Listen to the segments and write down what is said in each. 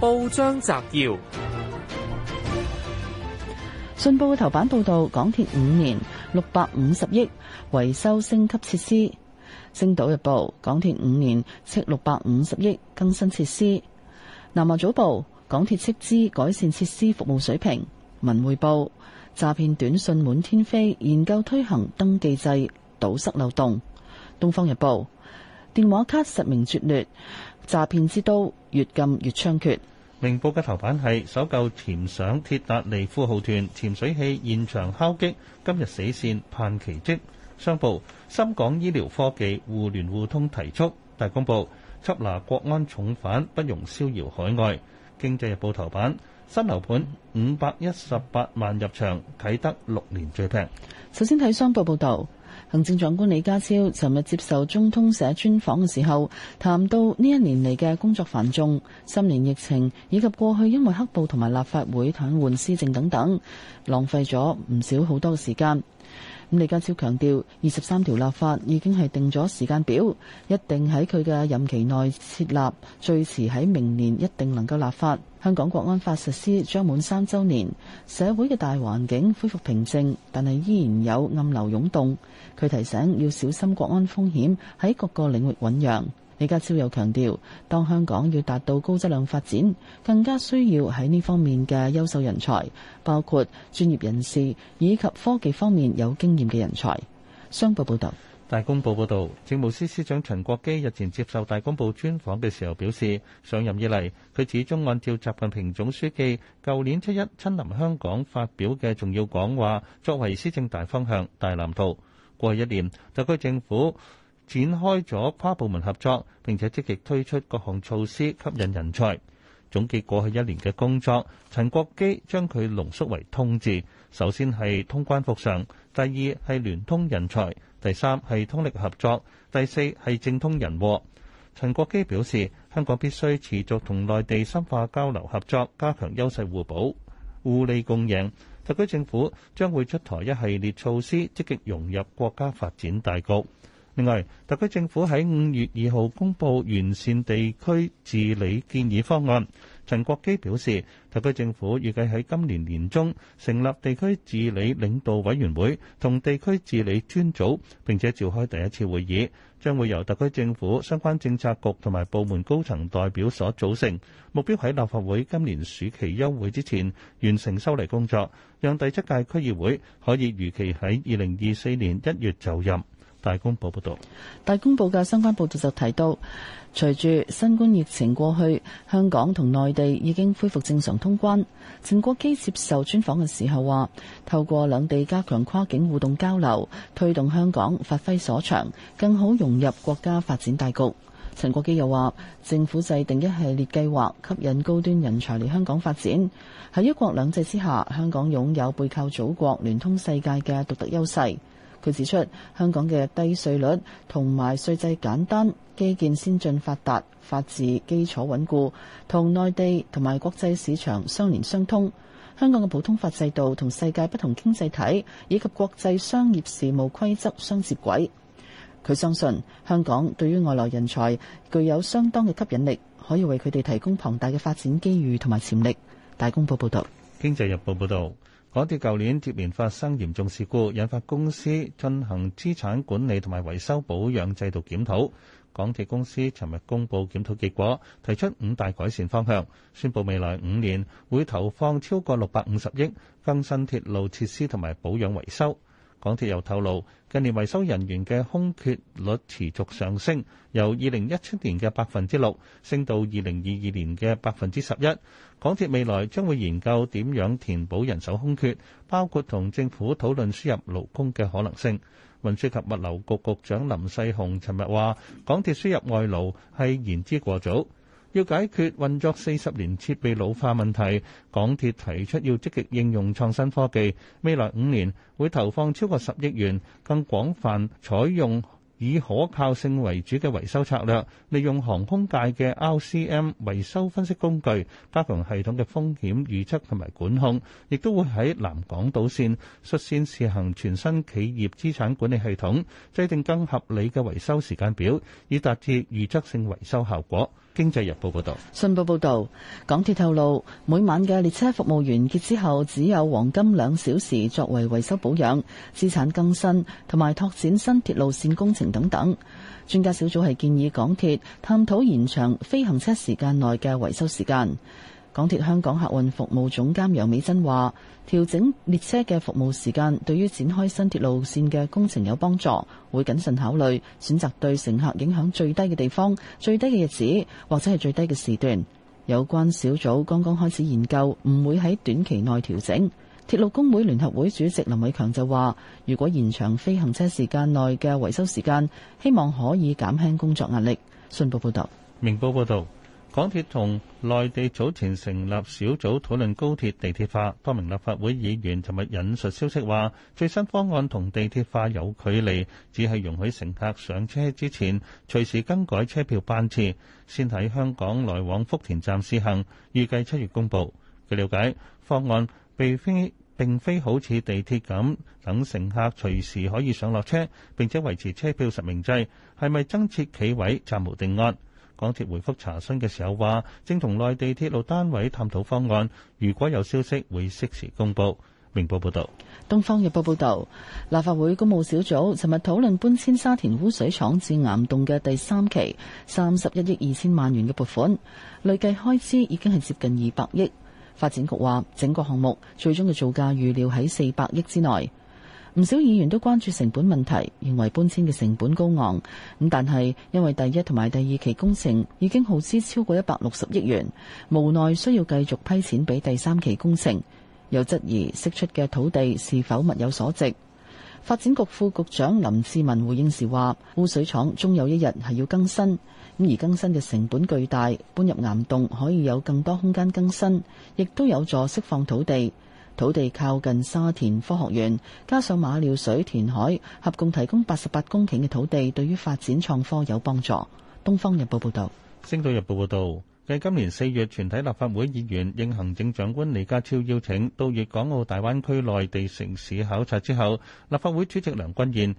報章摘要：《信報》頭版報道，港鐵五年六百五十億維修升級設施；《星島日報》港鐵五年斥六百五十億更新設施；《南華早報》港鐵斥資改善設施服務水平；《文匯報》詐騙短信滿天飛，研究推行登記制，堵塞漏洞；《東方日報》電話卡實名絕劣，詐騙之都越禁越猖獗。明報嘅頭版係搜救潛上鐵達尼富豪團潛水器現場敲擊今日死線盼奇蹟商報深港醫療科技互聯互通提速大公報緝拿國安重犯不容逍遙海外經濟日報頭版新樓盤518。行政長官李家超尋日接受中通社專訪嘅時候，談到呢一年嚟嘅工作繁重、新年疫情以及過去因為黑暴同埋立法會癱瘓施政等等，浪費咗唔少好多嘅時間。咁李家超強調，二十三條立法已經係定咗時間表，一定喺佢嘅任期內設立，最遲喺明年一定能夠立法。香港國安法實施將滿三周年，社會嘅大環境恢復平靜，但係依然有暗流湧動。佢提醒要小心國安風險，喺各個領域醞釀。李家超又強調，當香港要達到高質量發展，更加需要喺呢方面嘅優秀人才，包括專業人士以及科技方面有經驗嘅人才。商報報導，大公報報道：「政務司司長陳國基日前接受大公報專訪嘅時候表示，上任以嚟，佢始終按照習近平總書記舊年七一親臨香港發表嘅重要講話，作為施政大方向、大藍圖。過去一年，特區政府展開咗跨部門合作，並且積極推出各項措施吸引人才。總結過去一年嘅工作，陳國基將佢濃縮為「通」字。首先係通關復常，第二係聯通人才，第三係通力合作，第四係政通人和。陳國基表示，香港必須持續同內地深化交流合作，加強優勢互補、互利共贏。特區政府將會出台一系列措施，積極融入國家發展大局。另外，特區政府喺五月二號公布完善地區治理建議方案。陳國基表示，特區政府預計喺今年年中成立地區治理領導委員會同地區治理專組，並且召開第一次會議，將會由特區政府相關政策局同埋部門高層代表所組成，目標喺立法會今年暑期休會之前完成修例工作，讓第七屆區議會可以如期喺二零二四年一月就任。大公報報道。大公報嘅相關報導就提到，隨住新冠疫情過去，香港同內地已經恢復正常通關。陳國基接受專訪嘅時候話，透過兩地加強跨境互動交流，推動香港發揮所長，更好融入國家發展大局。陳國基又話，政府制定一系列計劃，吸引高端人才嚟香港發展。喺一國兩制之下，香港擁有背靠祖國、聯通世界嘅獨特優勢。佢指出，香港嘅低稅率同埋稅制簡單、基建先進發達、法治基礎穩固，同內地同埋國際市場相連相通。香港嘅普通法制度同世界不同經濟體以及國際商業事務規則相接軌。佢相信香港對於外來人才具有相當嘅吸引力，可以為佢哋提供龐大嘅發展機遇同埋潛力。大公報報道。經濟日報報道。港鐵舊年接連發生嚴重事故，引發公司進行資產管理同埋維修保養制度檢討。港鐵公司尋日公布檢討結果，提出五大改善方向，宣布未來五年會投放超過六百五十億更新鐵路設施同埋保養維修。港鐵又透露，近年維修人員嘅空缺率持續上升，由二零一七年嘅百分之六升到二零二二年嘅百分之十一。港鐵未來將會研究點樣填補人手空缺，包括同政府討論輸入勞工嘅可能性。運輸及物流局局長林世雄尋日話，港鐵輸入外勞係言之過早。要解決運作四十年設備老化問題，港鐵提出要積極應用創新科技。未來五年會投放超過十億元，更廣泛採用以可靠性為主嘅維修策略，利用航空界嘅 RCM 維修分析工具，加強系統嘅風險預測同埋管控。亦都會喺南港島線率先試行全新企業資產管理系統，制定更合理嘅維修時間表，以達至預測性維修效果。經濟日報報道，信報報道，港鐵透露，每晚嘅列車服務完結之後，只有黃金兩小時作為維修保養、資產更新同埋拓展新鐵路線工程等等。專家小組係建議港鐵探討延長非行車時間內嘅維修時間。港鐵香港客運服務總監楊美珍話：調整列車嘅服務時間，對於展開新鐵路綫嘅工程有幫助，會謹慎考慮，選擇對乘客影響最低嘅地方、最低嘅日子或者係最低嘅時段。有關小組剛剛開始研究，唔會喺短期內調整。鐵路工會聯合會主席林偉強就話：如果延長非行車時間內嘅維修時間，希望可以減輕工作壓力。信報報道，明報報道。港鐵同內地早前成立小組討論高鐵地鐵化，多名立法會議員尋日引述消息話，最新方案同地鐵化有距離，只係容許乘客上車之前隨時更改車票班次，先喺香港來往福田站試行，預計七月公佈。據了解，方案並非並非好似地鐵咁等乘客隨時可以上落車，並且維持車票實名制，係咪增設企位暫無定案。港鐵回覆查詢嘅時候話，正同內地鐵路單位探討方案，如果有消息會適時公布。明報報道、東方日報報道，立法會公務小組尋日討論搬遷沙田污水廠至岩洞嘅第三期，三十一億二千萬元嘅撥款，累計開支已經係接近二百億。發展局話，整個項目最終嘅造價預料喺四百億之內。唔少議員都關注成本問題，認為搬遷嘅成本高昂。咁但係因為第一同埋第二期工程已經耗資超過一百六十億元，無奈需要繼續批錢俾第三期工程，又質疑釋出嘅土地是否物有所值。發展局副局長林志文回應時話：污水廠終有一日係要更新，咁而更新嘅成本巨大，搬入岩洞可以有更多空間更新，亦都有助釋放土地。土地靠近沙田科學園，加上馬料水填海，合共提供八十八公頃嘅土地，對於發展創科有幫助。《東方日報》報道。《星島日報》報道，繼今年四月全體立法會議員應行政長官李家超邀請到粵港澳大灣區內地城市考察之後，立法會主席梁君彥。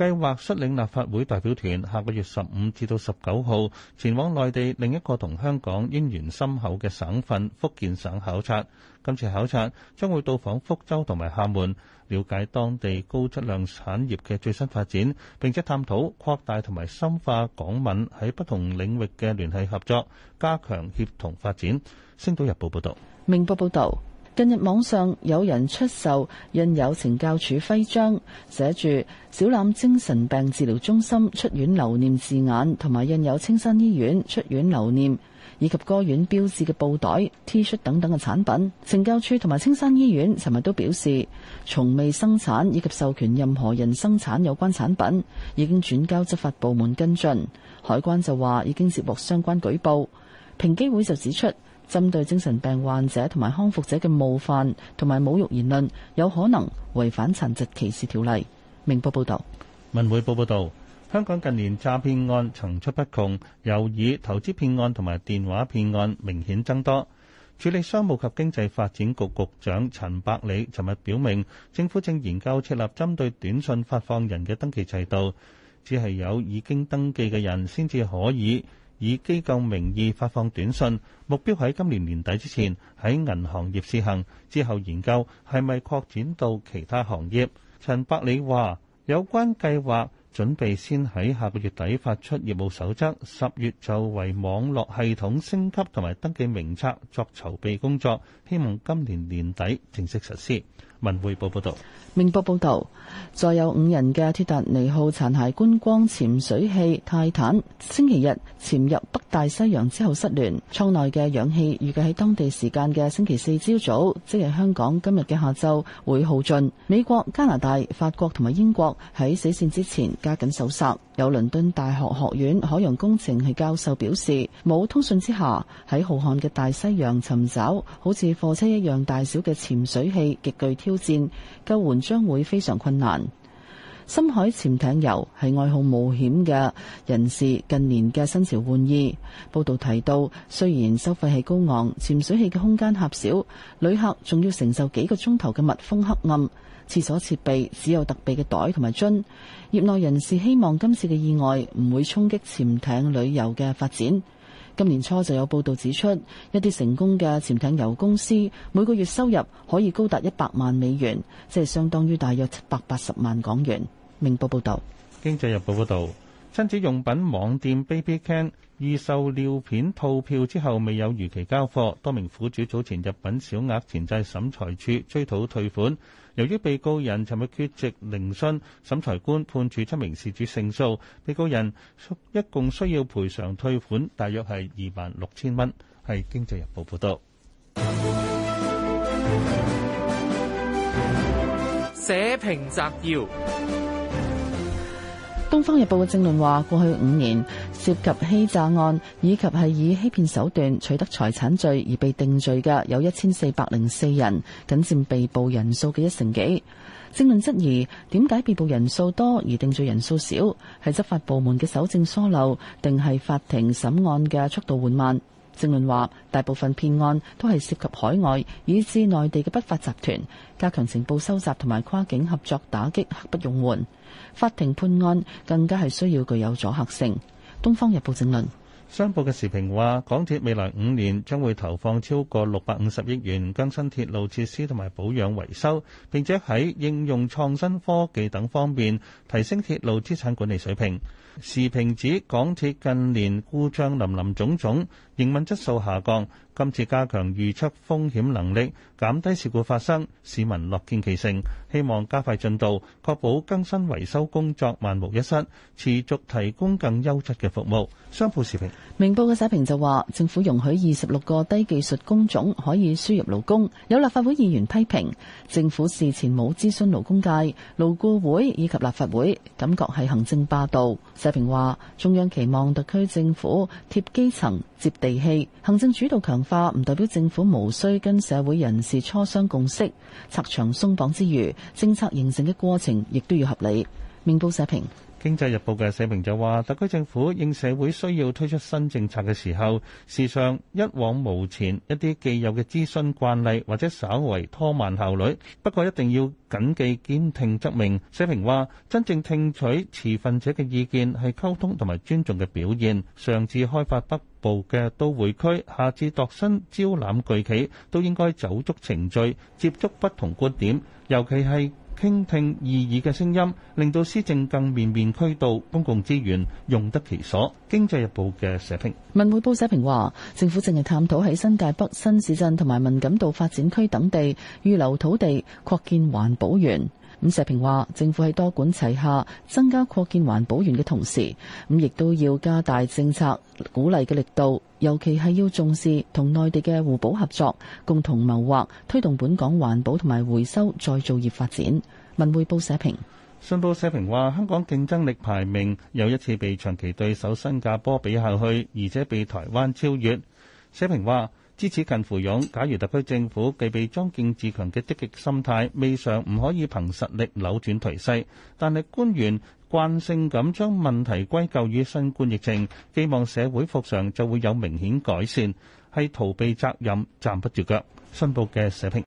計劃率領立法會代表團下個月十五至到十九號前往內地另一個同香港淵源深厚嘅省份福建省考察。今次考察將會到訪福州同埋廈門，了解當地高質量產業嘅最新發展，並且探討擴大同埋深化港閩喺不同領域嘅聯繫合作，加強協同發展。星島日報報道。明報報道。近日網上有人出售印有懲教署徽章、寫住小欖精神病治療中心出院留念字眼同埋印有青山醫院出院留念以及該院標誌嘅布袋、T 恤等等嘅產品。懲教署同埋青山醫院尋日都表示，從未生產以及授權任何人生產有關產品，已經轉交執法部門跟進。海關就話已經接獲相關舉報。平機會就指出，針對精神病患者同埋康復者嘅冒犯同埋侮辱言論，有可能違反殘疾歧視條例。明報報道：「文匯報報道，香港近年詐騙案層出不窮，又以投資騙案同埋電話騙案明顯增多。處理商務及經濟發展局局長陳百里尋日表明，政府正研究設立針對短信發放人嘅登記制度，只係有已經登記嘅人先至可以，以機構名義發放短訊，目標喺今年年底之前喺銀行業試行，之後研究係咪擴展到其他行業。陳百里話：有關計劃準備先喺下個月底發出業務守則，十月就為網絡系統升級同埋登記名冊作籌備工作，希望今年年底正式實施。文匯報報道，明報報道，再有五人嘅鐵達尼號殘骸觀光潛水器泰坦星期日潛入北大西洋之後失聯，艙內嘅氧氣預計喺當地時間嘅星期四朝早、早，即係香港今日嘅下晝會耗盡。美國、加拿大、法國同埋英國喺死線之前加緊搜索，有倫敦大學學院海洋工程系教授表示，冇通訊之下喺浩瀚嘅大西洋尋找好似貨車一樣大小嘅潛水器，極具挑挑戰救援將會非常困難。深海潛艇遊係愛好冒險嘅人士近年嘅新潮玩意。報道提到，雖然收費係高昂，潛水器嘅空間狹小，旅客仲要承受幾個鐘頭嘅密封黑暗，廁所設備只有特備嘅袋同埋樽。業內人士希望今次嘅意外唔會衝擊潛艇旅遊嘅發展。今年初就有報道指出，一啲成功嘅潛艇遊公司每個月收入可以高達一百萬美元，即係相當於大約七百八十萬港元。明報報道：《經濟日報》報道，親子用品網店 BabyCan 預售尿片套票之後未有如期交貨，多名苦主早前入禀小額錢債審裁處追討退款。由於被告人尋日缺席聆訊，審裁官判處七名事主勝訴，被告人一共需要賠償退款大約係二萬六千蚊。係《經濟日報》報道。社評摘要，《東方日報》嘅正論話：過去五年。涉及欺詐案以及係以欺騙手段取得財產罪而被定罪嘅，有一千四百零四人，僅佔被捕人數嘅一成幾。政論質疑點解被捕人數多而定罪人數少，係執法部門嘅守證疏漏，定係法庭審案嘅速度緩慢？政論話，大部分騙案都係涉及海外，以至內地嘅不法集團，加強情報收集同埋跨境合作，打擊刻不容緩。法庭判案更加係需要具有阻嚇性。《東方日報正論》評論，商報嘅時評話，港鐵未來五年將會投放超過六百五十億元更新鐵路設施同埋保養維修，並且喺應用創新科技等方面提升鐵路資產管理水平。時評指港鐵近年故障林林總總。營運質素下降，今次加強預測風險能力，減低事故發生，市民樂見其成。希望加快進度，確保更新維修工作萬無一失，持續提供更優質嘅服務。商報時評。明報嘅社評就話，政府容許二十六個低技術工種可以輸入勞工，有立法會議員批評政府事前冇諮詢勞工界、勞顧會以及立法會，感覺係行政霸道。社評話，中央期望特區政府貼基層接地。利器，行政主導強化唔代表政府無需跟社會人士磋商共識，拆牆鬆綁之餘，政策形成嘅過程亦都要合理。明報社評。《經濟日報》嘅社評就話：特區政府應社會需要推出新政策嘅時候，時尚一往無前；一啲既有嘅諮詢慣例或者稍為拖慢效率。不過一定要謹記兼聽則明。社評話：真正聽取持份者嘅意見係溝通同埋尊重嘅表現。上至開發北部嘅都會區，下至度身招攬巨企，都應該走足程序，接觸不同觀點，尤其係。傾聽異議嘅聲音，令到施政更面面俱到，公共資源用得其所。經濟日報嘅社評。文匯報社評話，政府正係探討喺新界北新市鎮同埋敏感度發展區等地預留土地，擴建環保園。咁社評話，政府喺多管齊下，增加擴建環保園嘅同時，咁亦都要加大政策鼓勵嘅力度，尤其係要重視同內地嘅互補合作，共同謀劃推動本港環保同埋回收再造業發展。文匯報社評，信報社評話，香港競爭力排名又一次被長期對手新加坡比下去，而且被台灣超越。社評話。支持近乎勇，假如特區政府具備莊敬自強嘅積極心態，未嘗唔可以憑實力扭轉頹勢，但係官員慣性咁將問題歸咎於新冠疫情，寄望社會復常就會有明顯改善，係逃避責任，站不住腳，新報嘅社評。